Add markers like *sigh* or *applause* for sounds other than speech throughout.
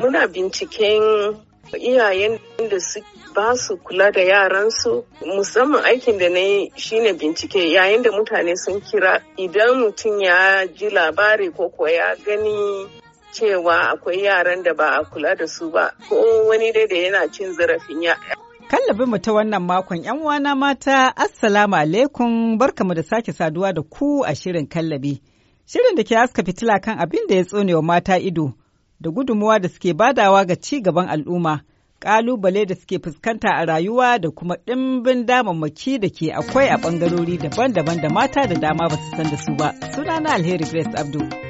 Muna binciken iyayen da su ba su kula da yaransu musamman aikin da na yi shine bincike yayin da mutane sun kira idan mutum ya ji labari ko kuwa ya gani cewa akwai yaran da ba a kula da su ba ko wani dai da yana cin zarafin ya Kallabin mu ta wannan makon ‘yan wana mata, Assalamu alaikum, barka mu da sake saduwa da ku a shirin kallabi. Shirin da ke haska fitila kan abin da ya tsone wa mata ido, da gudunmuwa da suke badawa ga ci gaban al'umma, ƙalubale da suke fuskanta a rayuwa da kuma ɗimbin damammaki da ke akwai a ɓangarori daban-daban da mata da dama ba su san da su ba. Sunana Alheri Grace Abdul.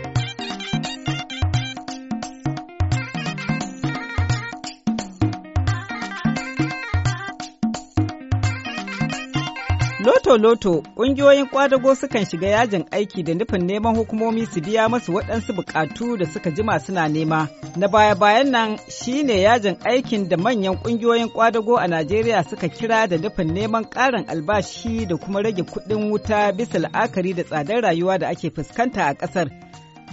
Loto-loto ƙungiyoyin ƙwadago sukan shiga yajin aiki da nufin neman hukumomi su biya masu waɗansu buƙatu da suka jima suna nema. Na baya-bayan nan ne yajin aikin da manyan ƙungiyoyin kwadago a Najeriya suka kira da nufin neman ƙarin albashi da kuma rage kuɗin wuta bisa la'akari da tsadar rayuwa da ake fuskanta a ƙasar.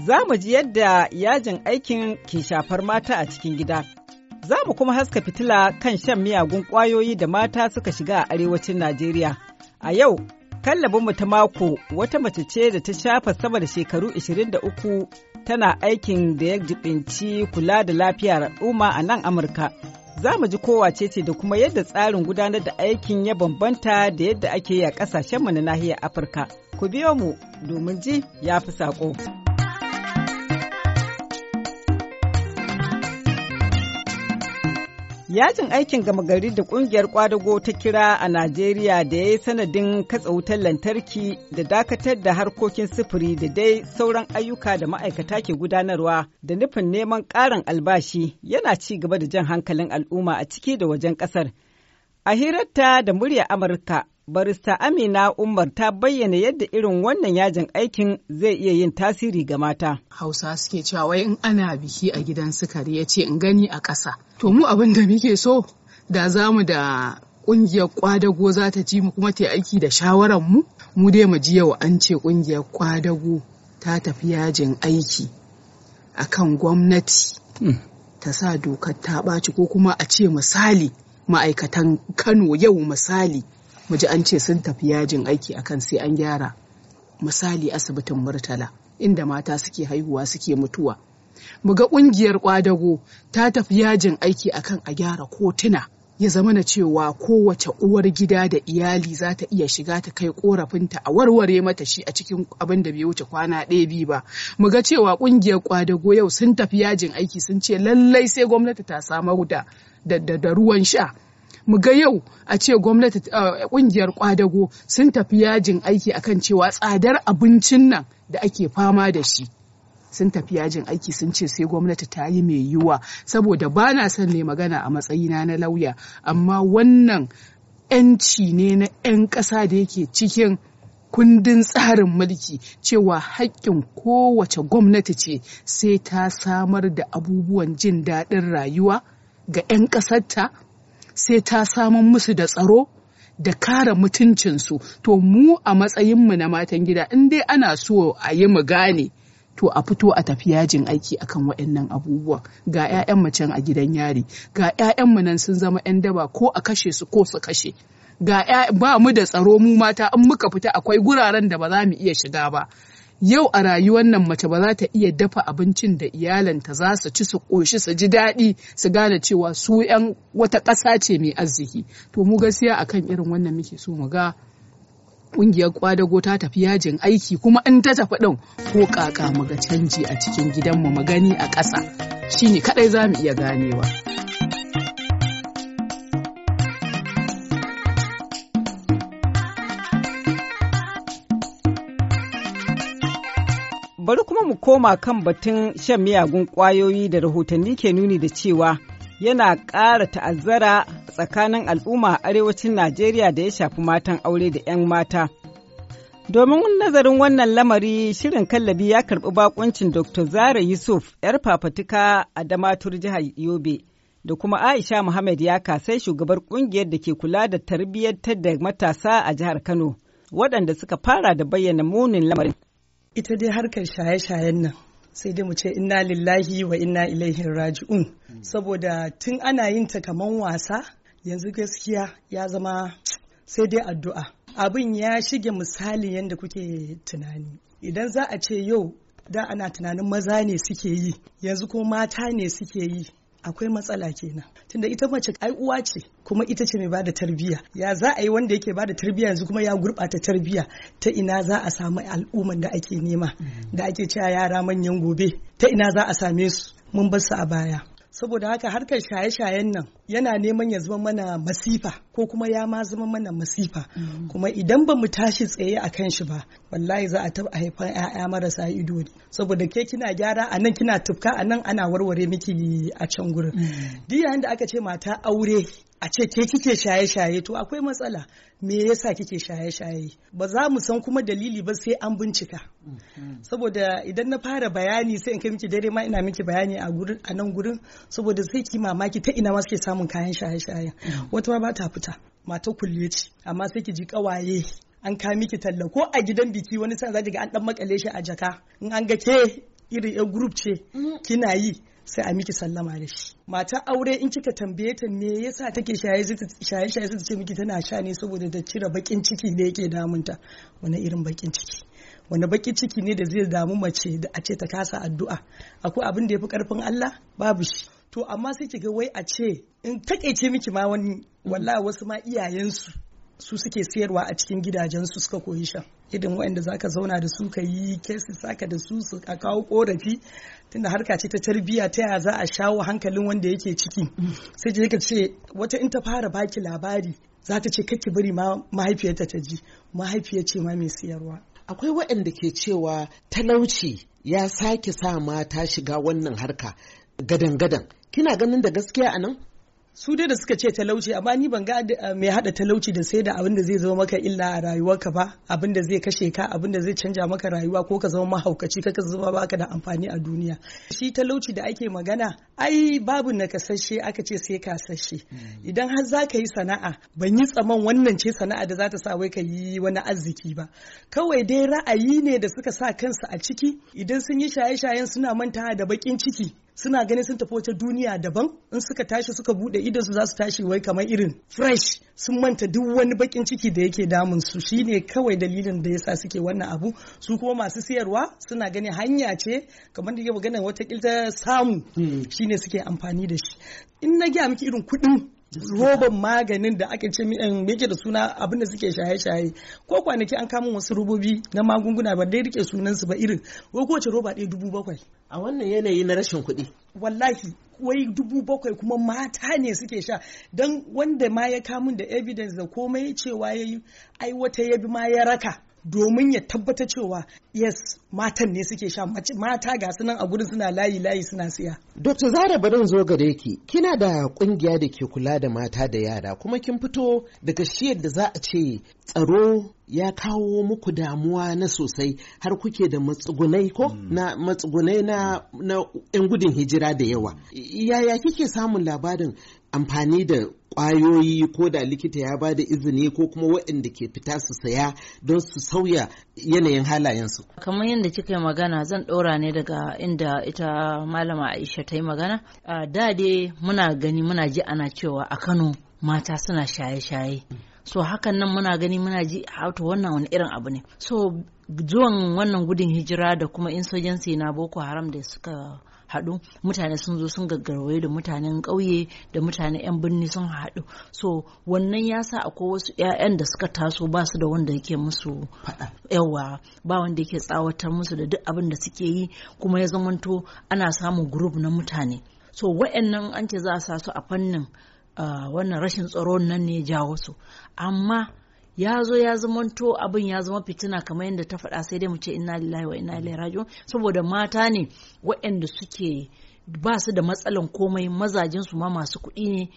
Za mu ji yadda yajin aikin ke shafar mata a cikin gida. Za mu kuma haska fitila kan shan miyagun ƙwayoyi da mata suka shiga a arewacin Najeriya. A yau, mu ta mako wata mace ce da ta shafa sama da shekaru 23 tana aikin da ya jibinci kula da lafiyar al'umma a nan Amurka. Za mu ji kowa ce ce da kuma yadda tsarin gudanar da aikin ya bambanta da yadda ake yi a mu na nahiyar Afirka. Ku biyo mu domin ji ya fi saƙo. Yajin aikin gama gari da kungiyar kwadago ta kira a Najeriya da ya yi sanadin katsa wutar lantarki da dakatar da harkokin sufuri da dai sauran ayyuka da ma'aikata ke gudanarwa da nufin neman ƙarin albashi yana ci gaba da jan hankalin al'umma a ciki da wajen ƙasar. A hirarta da murya Amurka, barista Amina Umar ta bayyana yadda irin wannan yajin aikin zai iya yin tasiri ga mata. Hausa suke cewa wai in ana biki a gidan sukari ya ce in gani a ƙasa. To mu abin da muke so da za mu da ƙungiyar kwadago za ta ji mu kuma ta aiki da shawarar mu. Mu dai mu ji yau an ce ƙungiyar kwadago ta tafi yajin aiki akan gwamnati hmm. ta sa dokar ta ɓaci ko kuma a ce misali ma'aikatan Kano yau misali mu ji an ce sun tafi yajin aiki akan sai an gyara misali asibitin murtala inda mata suke haihuwa suke mutuwa mu ga ƙungiyar ƙwadago ta tafi yajin aiki akan a gyara kotuna ya zama na cewa kowace uwar gida da iyali za ta iya shiga ta kai korafinta a warware mata shi a cikin abin da bai wuce kwana ɗaya biyu ba mu ga cewa ƙungiyar ƙwadago yau sun tafi yajin aiki sun ce lallai sai gwamnati ta samar da da ruwan sha mu ga yau a ce gwamnati kungiyar eh, kwadago sun tafi yajin aiki akan cewa tsadar abincin nan da ake fama da shi sun tafi yajin aiki sun ce sai gwamnati ta yi mai yiwa saboda ba na son ne magana a matsayina na lauya amma wannan 'yanci ne na 'yan ƙasa da yake cikin kundin tsarin mulki cewa haƙƙin kowace gwamnati ce sai ta samar da abubuwan jin daɗin rayuwa ga 'yan ƙasarta sai ta samun musu da tsaro da kare mutuncinsu to mu a matsayinmu na matan gida in dai ana so a yi mu gane to a fito a tafi yajin aiki akan waɗannan abubuwa, ga 'ya'yan macen a gidan yari ga 'ya'yan nan sun zama 'yan daba ko a kashe su ko su kashe ga ba mu da tsaro mu mata in muka fita akwai guraren da ba za mu iya shiga ba yau a rayuwar nan mace ba za ta iya dafa abincin da iyalanta za su ci su ƙoshi su ji daɗi su gane cewa su 'yan wata ƙasa ce mai arziki to mu gaskiya kan irin wannan muke so mu ga ƙungiyar kwadago ta tafi yajin aiki kuma in ta tafi ɗin ko kaka ga canji a cikin gidanmu mu gani a ƙasa shine kaɗai za mu iya ganewa. bari kuma mu koma kan batun shan miyagun ƙwayoyi da rahotanni ke nuni da cewa yana ƙara ta'azzara tsakanin al'umma a arewacin Najeriya da ya shafi matan aure da 'yan mata. Domin nazarin wannan lamari shirin kallabi ya karɓi bakuncin Dr. Zara Yusuf 'yar fafatuka a Damatur jihar Yobe da kuma Aisha Muhammad ya kasai shugabar ƙungiyar da ke kula da tarbiyyar da matasa a jihar Kano waɗanda suka fara da bayyana munin lamarin ita dai harkar shaye-shayen nan sai dai mu ce inna lillahi wa inna ilaihi raji'un hmm. saboda tun ana yin ta kaman wasa yanzu gaskiya ya zama sai dai addu'a abin ya shige misali yadda kuke tunani idan za a ce yau da ana tunanin maza ne suke yi yanzu ko mata ne suke yi akwai matsala kenan tunda ita mace ai uwa ce kuma ita ce mai bada tarbiyya ya za a yi wanda yake bada tarbiyya yanzu kuma ya gurɓata tarbiyya ta ina za a samu al'umman da ake nema da ake cewa yara manyan gobe ta ina za a same su mun bar su a baya saboda haka harkar shaye-shayen nan yana neman ya zama mana masifa ko kuma ya ma zama mana masifa mm. kuma idan ba mu tashi tsaye a kan shi ba wallahi za a taɓa haifan 'ya'ya marasa ido ne saboda ke kina gyara a nan kina tufka a nan ana warware miki a can gurin mm. duk yayin da aka ce mata aure a ce ke kike shaye-shaye to akwai matsala me yasa kike shaye-shaye ba za mu san kuma dalili ba sai an bincika mm-hmm. saboda idan na fara bayani sai in kai miki dare ma ina miki bayani a gurin a nan gurin saboda sai ki mamaki ta ina ma suke samun kayan shaye-shaye mm-hmm. wata ba ta fita mata kulle ce amma sai ki ji kawaye an ka miki talla ko a gidan biki wani sa za ga an dan makale shi a jaka in an ga ke irin yan group ce mm-hmm. kina yi sai a miki sallama da shi mata aure in kika tambaye ta me yasa take shaye shaye shaye ce miki tana sha ne saboda ta cire bakin ciki da yake damunta wani irin bakin ciki wani bakin ciki ne da zai damu mace da a ce ta kasa addu'a akwai abin da ya fi karfin Allah babu shi to amma sai kiga wai a ce in takeice miki ma wani wallahi wasu ma iyayensu su suke siyarwa a cikin gidajensu suka koyi shan irin waɗanda za ka zauna da su ka yi kesi saka da su su a kawo korafi tunda harka ce ta tarbiyya ta yaya za a shawo hankalin wanda yake ciki sai je ka ce wata in ta fara baki labari za ta ce kake bari ma mahaifiyarta ta ji mahaifiyar ce ma mai siyarwa akwai waɗanda ke cewa talauci ya sake sa mata shiga wannan harka gadan-gadan kina ganin da gaskiya a nan su dai da suka ce talauci amma ni ban ga eh, mai hada talauci da sai da abin da zai zama maka illa a rayuwarka ba abin da zai kashe ka abin da zai canja maka rayuwa ko ka zama mahaukaci ka zama baka da amfani a duniya shi talauci da ake magana ai babu nakasashe aka ce sai ka sashe. Hmm. idan har za ka yi sana'a ban yi tsaman wannan ce sana'a da za ta sa wai ka yi wani arziki ba kawai dai ra'ayi ne da suka sa kansu a ciki idan sun yi shaye-shayen suna mantawa da bakin ciki suna ganin sun tafi wata duniya daban in suka tashi suka bude idan su za su tashi wai kamar irin fresh sun manta duk wani bakin ciki da yake damun su shine kawai dalilin da yasa suke wannan abu su kuma masu siyarwa suna ganin hanya ce kamar da yake magana wata kilta samu hmm. shine suke amfani da shi in na gaya miki irin kuɗi. roban maganin da aka ce yake da suna abin da suke shaye-shaye ko kwanaki an kama wasu robobi na magunguna ba dai rike sunansu ba irin wai kowace roba ɗaya dubu bakwai a wannan yanayi na rashin kuɗi wallahi wai dubu bakwai kuma mata ne suke sha don wanda ma ya kamun da evidence da komai cewa ya yi ai wata ya bi ma ya raka domin ya tabbata cewa yes matan ne suke sha mata ga sunan a gurin suna layi layi suna siya. Dr. Zara barin zo gare ki kina da kungiya da ke kula da mata da yara kuma kin fito daga shiyar da za a ce tsaro ya kawo muku damuwa na sosai har kuke da matsugunai ko hmm. na matsugunai na yan gudun hijira da yawa yaya kike samun labarin amfani da Kwayoyi ko da likita ya ba da izini ko kuma waɗanda ke fita su saya don su sauya yanayin halayensu. Kamar yadda kika yi magana zan ɗora ne daga inda ita malama Aisha ta yi magana. A da dai muna gani muna ji ana cewa a Kano mata suna shaye-shaye. So hakan nan muna gani muna ji hauta wannan wani irin abu ne. So zuwan wannan gudun hijira da kuma insurgency na Boko Haram da suka haɗu mutane sun zo sun gaggarwaye da mutanen ƙauye da mutanen 'yan birni sun haɗu so wannan ya sa akwai wasu 'ya'yan da suka taso ba su da wanda yake musu yawa ba wanda yake tsawatar musu da duk abin da suke yi kuma ya zamanto ana samun gurup na mutane so wa'annan an ce za a sa su a fannin ah, wannan rashin tsaro nan ne ya jawo su amma ya zo ya to abin ya zama fitina kamar yadda ta faɗa sai dai mu ce inna lillahi wa inna ilaihi raji'un saboda mata ne waɗanda suke ba su da matsalan komai mazajen su ma masu kuɗi ne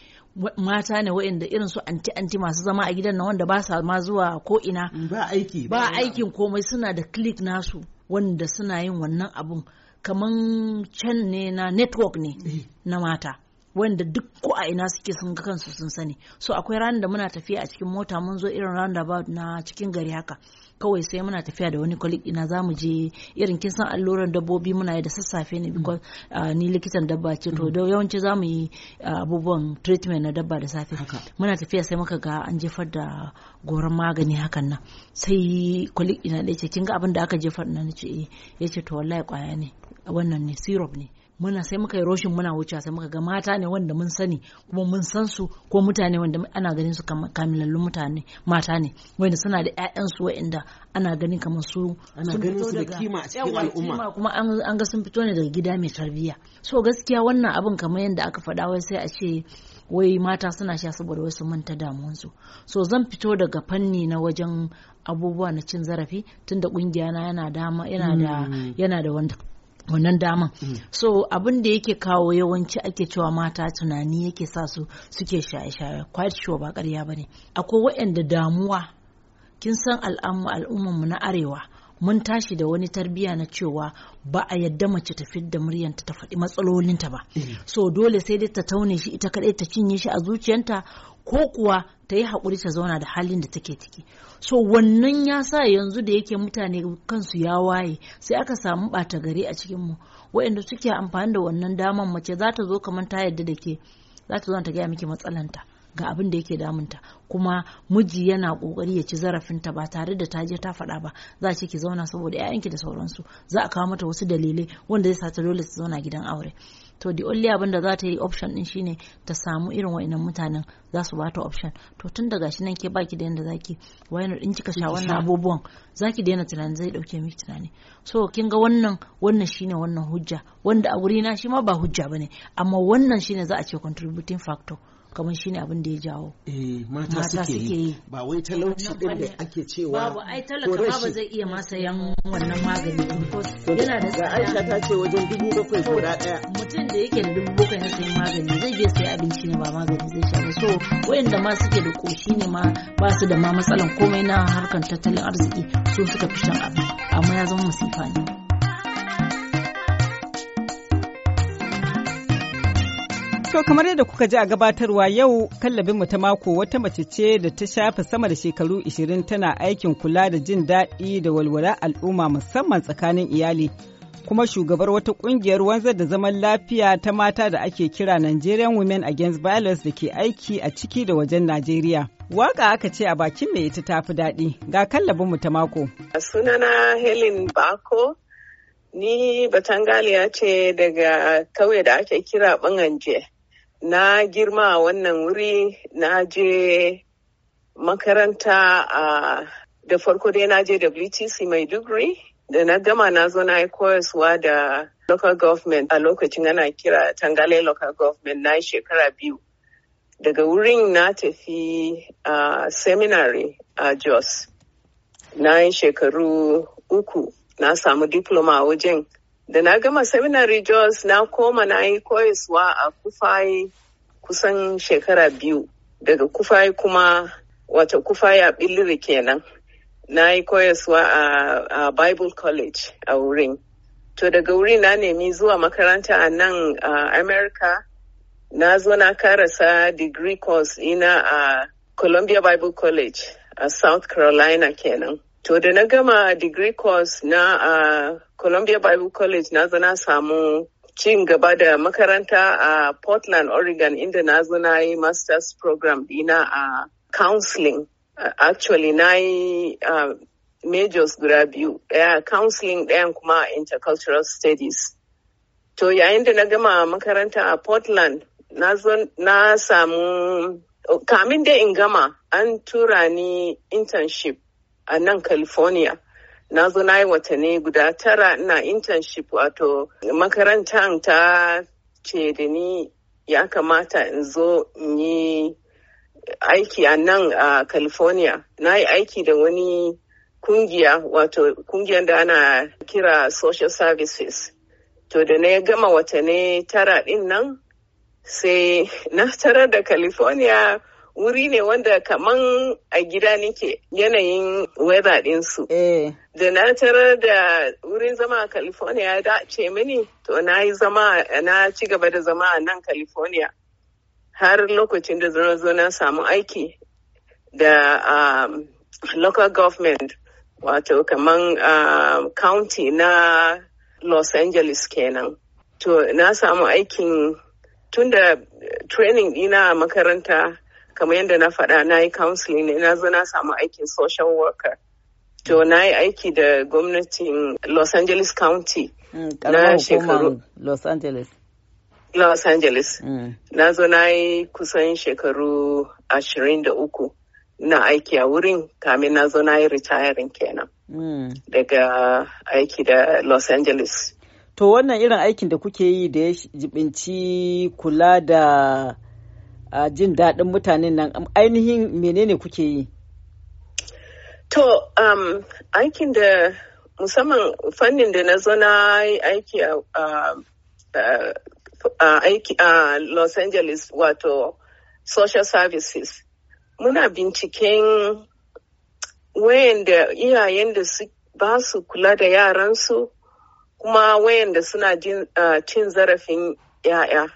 mata ne waɗanda irin su anti anti masu zama a gidan na wanda ba sa ma zuwa ko ina ba aiki ba aikin komai suna da click nasu wanda suna yin wannan abun kamar can ne na network ne eh. na mata wanda duk ko a ina suke sun ga kansu sun sani so akwai ranar da muna tafiya a cikin mota mun zo irin ba na cikin gari haka kawai sai muna tafiya da wani kwalik ina za mu je irin kin san alluran dabbobi muna yi da sassafe ne because ni likitan dabba ce to mm-hmm. da yawanci za mu yi abubuwan treatment na dabba da safe muna tafiya sai muka ga an jefar da goron magani hakan nan sai kwalik ina ɗaya ce kin ga abin da aka jefar na ce eh ce to wallahi kwaya ne wannan ne syrup ne muna sai muka yi roshin muna wuce sai muka ga mata ne wanda mun sani kuma mun san su ko mutane wanda ana ganin su kamilallun mutane mata ne wanda suna da ƴaƴan su wanda ana ganin kamar su ana ganin su da kima a cikin al'umma kuma an ga sun fito ne daga gida mai tarbiyya so gaskiya wannan abin kamar yadda aka faɗa wai sai a ce wai mata suna sha saboda wasu manta su so zan fito daga fanni na wajen abubuwa na cin zarafi tunda kungiya na yana da hmm. yana da wanda wannan daman mm. so abin da yake kawo yawanci ake cewa mata tunani yake sa su suke shaye-shaye quite sure ba ƙarya bane akwai waɗanda damuwa kin san al'amma al'umman mu na arewa mun tashi da wani tarbiya na cewa ba a yadda mace ta da muryanta ta faɗi matsalolinta ba mm. so dole sai dai ta taune shi ita kaɗai ta cinye shi a zuciyanta ko kuwa ta yi haƙuri ta zauna da halin da take ciki so wannan ya sa yanzu da yake mutane kansu ya waye sai aka samu ɓata gari a cikinmu waɗanda suke amfani da wannan daman mace za ta zo kamar ta yadda da ke za ta zo ta gaya miki matsalanta ga abin da yake damunta kuma miji yana kokari ya ci zarafin ta ba tare da ta je ta faɗa ba za ce ki zauna saboda 'ya'yanki da sauransu za a kawo mata wasu dalilai wanda zai sa ta dole su zauna gidan aure to the only abin da za ta yi option din shine ta samu irin wa'annan mutanen za su bata option to tun daga shi nan ke baki da yanda zaki wayar in kika sha wannan abubuwan zaki daina tunani zai dauke miki tunani so kin ga wannan wannan shine wannan hujja wanda a wuri na shi ma ba hujja bane amma wannan shine za a ce contributing factor kamar shine abin da ya jawo eh mata suke yi ba wai talauci ɗin da ake cewa babu ai talaka ba zai iya masa yan wannan magani yana da tsada Aisha ta ce wajen dubu bakwai da daya mutum da yake da dubu bakwai na sayan magani zai je sai abinci ne ba magani zai sha ba so da ma suke da koshi ne ma ba su da ma matsalan komai na harkar tattalin arziki su suka fi shan abin. amma ya zama masifa ne To kamar yadda kuka ji a gabatarwa yau kallabinmu ta mako wata mace ce da ta shafe sama da shekaru 20 tana aikin kula da jin daɗi da walwala al'umma musamman tsakanin iyali. Kuma shugabar wata ƙungiyar wanzar da zaman lafiya ta mata da ake kira Nigerian Women Against Violence da ke aiki a ciki da wajen Najeriya. Waka aka ce a bakin mai ita tafi daɗi ga kallabinmu ta mako. Sunana Helen Bako ni Batangaliya ce daga kauye da ake kira Ɓangan na girma a wannan wuri na je makaranta a da farko dai na je WTC mai degree da na gama na zo na yi koyaswa da local government a lokacin ana kira tangale local government na shekara biyu daga wurin na tafi a seminary a jos na yi shekaru uku na samu diploma a wajen da na gama seminary jos na koma na yi koyaswa a kufayi kusan shekara biyu daga kufayi kuma wata kufaye a biliri kenan na yi koyaswa a, a bible college a wurin to daga wurin na nemi zuwa makaranta a nan a america na zo na karasa degree course ina a columbia bible college a south carolina kenan To da na gama degree course na a Columbia Bible College na zana samu cin gaba da makaranta a Portland, Oregon inda na zana yi master's program dina a counseling. Actually na yi majors guda biyu, ɗaya counseling ɗayan kuma intercultural studies. To yayin da na gama makaranta a Portland na samu kamin da in gama an tura ni internship a nan California. Na zo na yi watanni guda tara ina internship wato makarantar ta ce da ni ya kamata in zo in yi aiki a nan a California. Na yi aiki da wani kungiya wato kungiyar da ana kira social services. To da na gama watanni tara din nan sai na tarar da California wuri ne wanda kaman a gida nike yanayin weather din su eh. Da na tarar da wurin zama a California ya dace mini to na yi zama na ci gaba da zama a nan California har lokacin da zo na samu aiki da um, local government wato kaman um, county na Los Angeles kenan. To na samu aikin tunda training dina a makaranta kamar yadda na faɗa na yi counseling ne na na samu aikin social worker to na yi aiki da gwamnatin los angeles county mm, na shekaru los angeles los angeles mm. na zo na yi kusan shekaru ashirin da uku na aiki a wurin kamin na zo na yi retiring kenan mm. daga aiki da los angeles to wannan irin aikin da kuke yi da ya jibinci kula da a jin daɗin mutanen nan ainihin menene kuke yi? To, um, aikin da musamman fannin da na zo na aiki a uh, aiki a Los Angeles wato social services muna binciken wayanda iyayen da su ba su kula da yaransu kuma wayanda suna uh, cin zarafin 'ya'ya.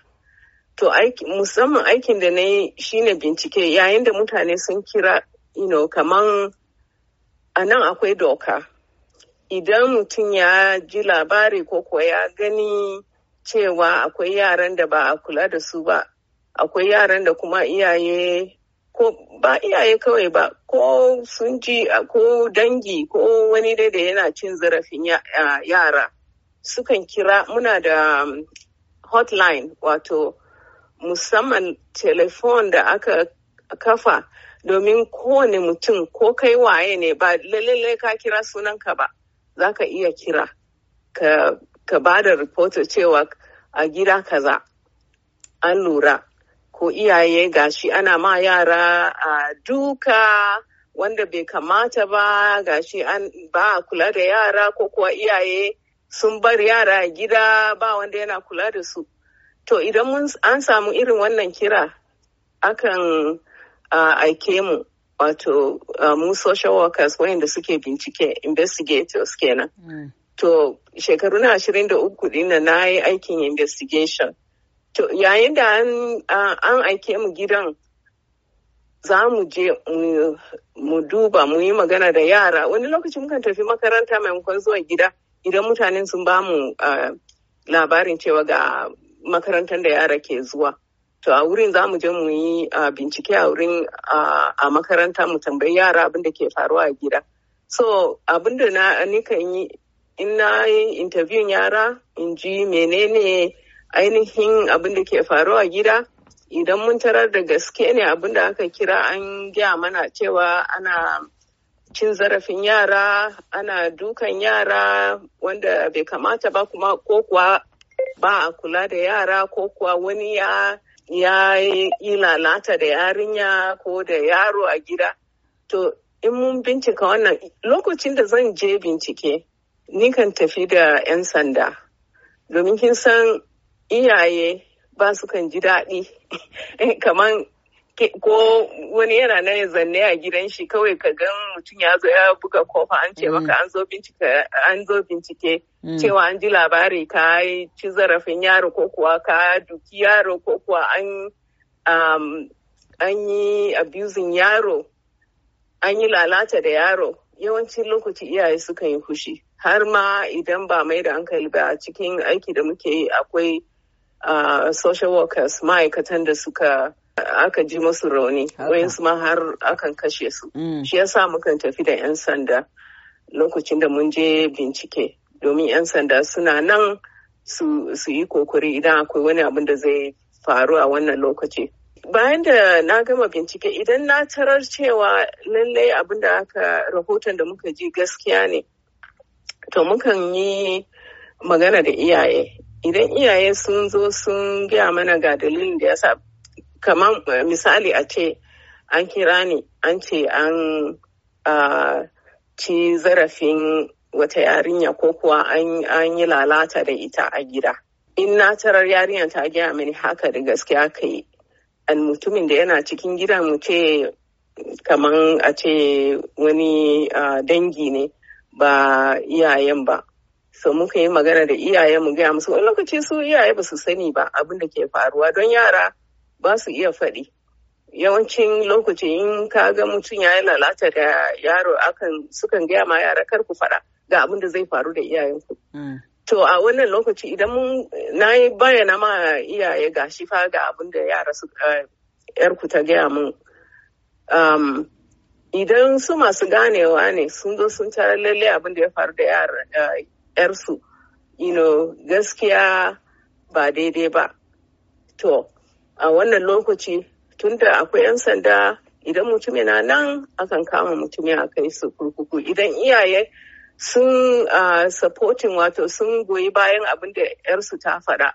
to aiki musamman aikin da na yi shine bincike yayin da mutane sun kira you know kaman a nan akwai doka idan mutum ya ji labari ko ko ya gani cewa akwai yaran da ba a kula da su ba akwai yaran da kuma iyaye ko ba iyaye kawai ba ko sun ji ko dangi ko wani dai da yana cin zarafin yara sukan kira muna da um, hotline wato musamman telefon da aka kafa domin kowane mutum ko kai waye ne ba lalle ka kira sunanka ba za ka iya kira ka, ba da rahoto cewa a gida kaza an lura ko iyaye gashi ana ma yara a duka wanda bai kamata ba gashi an ba a kula da yara ko kuwa iyaye sun bar yara a gida ba wanda yana kula da su To idan mun an samu irin wannan kira akan aike mu wato mu social workers wayanda suke bincike investigators kenan. Mm. To shekaru na ashirin da uku dina na yi aikin investigation. To yayin da an, an aike mu gidan za mu je mu duba mu yi magana da yara wani lokaci mukan tafi makaranta maimakon zuwa gida idan mutanen sun ba mu labarin cewa ga makarantar da yara ke zuwa to a wurin za mu je mu yi bincike a wurin a makaranta mu tambayi yara abin da ke faruwa a gida so abin da na nikan yi in na yi interview yara in ji menene ainihin abin da ke faruwa a gida idan mun tarar da gaske ne abin da aka kira an gaya mana cewa ana cin zarafin yara ana dukan yara wanda bai kamata ba kuma ko kuwa ba a kula da yara ko kuwa wani ya ya yi lalata da yarinya ko da yaro a gida to in mun bincika wannan lokacin da zan je bincike ni kan tafi da 'yan sanda domin kin san iyaye ba su kan ji daɗi *laughs* kamar ko wani yana nan zanne a gidan shi kawai ka gan mutum ya zo ya buga kofa an ce mm. maka an zo bincike mm. cewa an ji labari ka ci zarafin yaro ko kuwa ka duki yaro ko kuwa um, an yi abusing yaro an yi lalata da yaro yawancin lokaci iyaye sukan yi fushi har ma idan ba mai da hankali ba a cikin aiki da muke yi akwai uh, social workers ma'aikatan da suka aka ji musu rauni wayansu ma har akan kashe su mm. shi yasa mukan tafi da 'yan sanda lokacin da mun je bincike domin 'yan sanda suna nan su yi kokari idan akwai wani abin da zai faru a wannan lokaci bayan da na gama bincike idan na tarar cewa lallai abin da aka rahoton da muka ji gaskiya ne to mukan yi magana da iyaye idan iyaye sun zo sun gaya mana ga dalilin da yasa kamar eh, misali a ce an kira ni an ce an ci zarafin wata yarinya ko kuwa an yi lalata da ita a gida in na tarar yarinya ta gaya mini haka da gaskiya ka yi mutumin da yana cikin gida mu ce kaman a ce wani dangi ne ba iyayen ba so muka yi magana da iyayen mu gaya musu wani lokaci su iyaye ba su sani ba abin da ke faruwa don yara ba su iya faɗi yawancin lokaci in ka ga mutum ya lalata da yaro akan sukan gaya ma yara kar ku faɗa ga abin da zai faru da iyayenku. Hmm. To a wannan lokaci idan mun na yi bayyana ma iyaye ga shi fa ga abin da yara su eh, yarku ta gaya mun. Um, idan su masu ganewa ne sun zo sun tarar lalle abin da ya faru da yarsu, you know, gaskiya ba daidai ba. To, a wannan lokaci tunda akwai 'yan sanda idan mutum yana nan akan kama mutum ya kai su kurkuku idan iyaye sun supporting wato sun goyi bayan abin da 'yarsu ta faɗa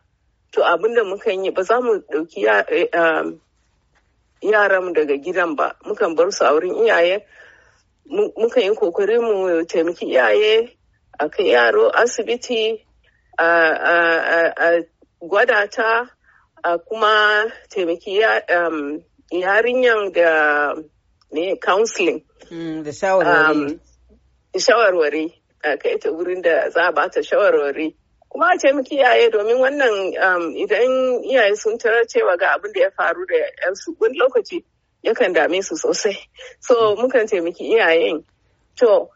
to abin da mukan yi ba za mu ɗauki eh, yaran daga gidan ba mukan bar su a wurin iyaye mukan yi kokari mu taimaki iyaye a kai yaro asibiti a gwada ta a kuma taimaki um, yarinyan da ne counseling mm, da shawarwari um, shawarwari a kai ta wurin da za a bata shawarwari kuma a taimaki yaye domin wannan um, idan iyaye sun tarar cewa ga abin da ya faru da yansu wani lokaci yakan dame su sosai so mukan taimaki iyayen to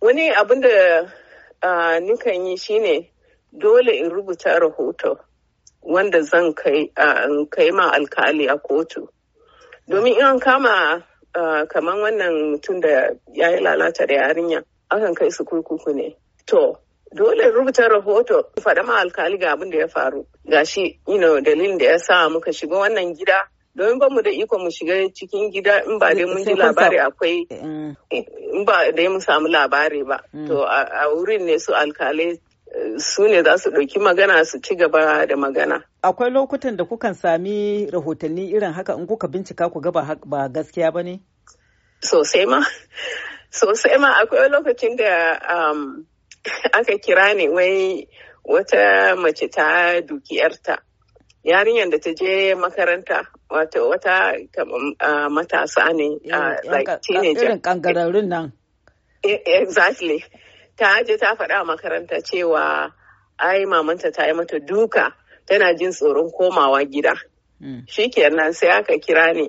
wani abin da uh, nukan yi shine dole in rubuta rahoto wanda zan kai ma alkali a kotu domin in kama kamar wannan mutum da ya yi lalata da yarinya akan kai su kurkuku ne to dole rubuta rahoto faɗa ma alkali ga abin da ya faru shi, you know dalilin da ya sa muka shiga wannan gida domin ba mu da iko mu shiga cikin gida in ba dai mun ji labari akwai mm. in ba dai mun samu labari ba mm. to a wurin ne su alkalai su ne za su ɗauki magana su ci gaba da magana. Akwai lokutan da kukan sami rahotanni irin haka in kuka bincika ku ga ba gaskiya ba ne? Sosai ma. Sosai ma akwai lokacin da um, *laughs* aka kira ne wai wata mace ta duki yarta. Yarinyar da ta je makaranta wato wata matasa ne uh, like teenager. Irin kangararrun nan. E-, exactly. ta aje ta faɗa a makaranta cewa ai mamanta ta yi mata duka tana jin tsoron komawa gida mm. shikenan sai aka kira ni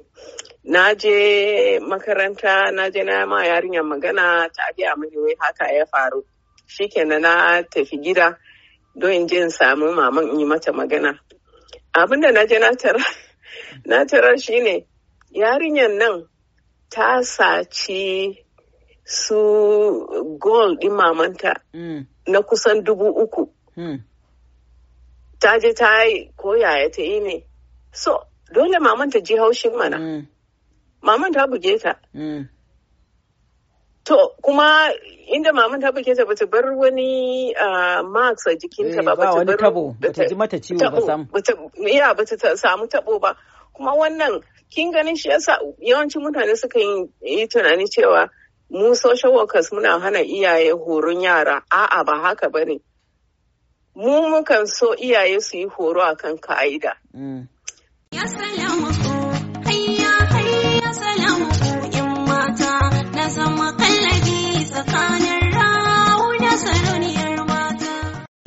na je makaranta na je na ma yarinyar magana ta gaya mini wai haka ya faru shikenan na tafi gida don in je in samu maman in yi mata magana abin da na je na tara *laughs* na tara shine yarinyar nan ta saci su gol din mamanta mm. na kusan dubu uku mm. ta je ta yi yaya ta yi ne so dole mamanta ji haushin mana mm. maman ta buge ta To kuma inda maman ta buge ta bata bar wani uh, marks a jikinta ba eh, bata wani tabo bata ji mata ciwo ba sam iya bata samu tabo ba kuma wannan kin ganin shi yasa yawancin mutane suka yi tunani cewa mu social workers muna hana iyaye horon yara a'a ba haka ba ne mu mukan so iyaye su yi horo akan ka'ida. Mm.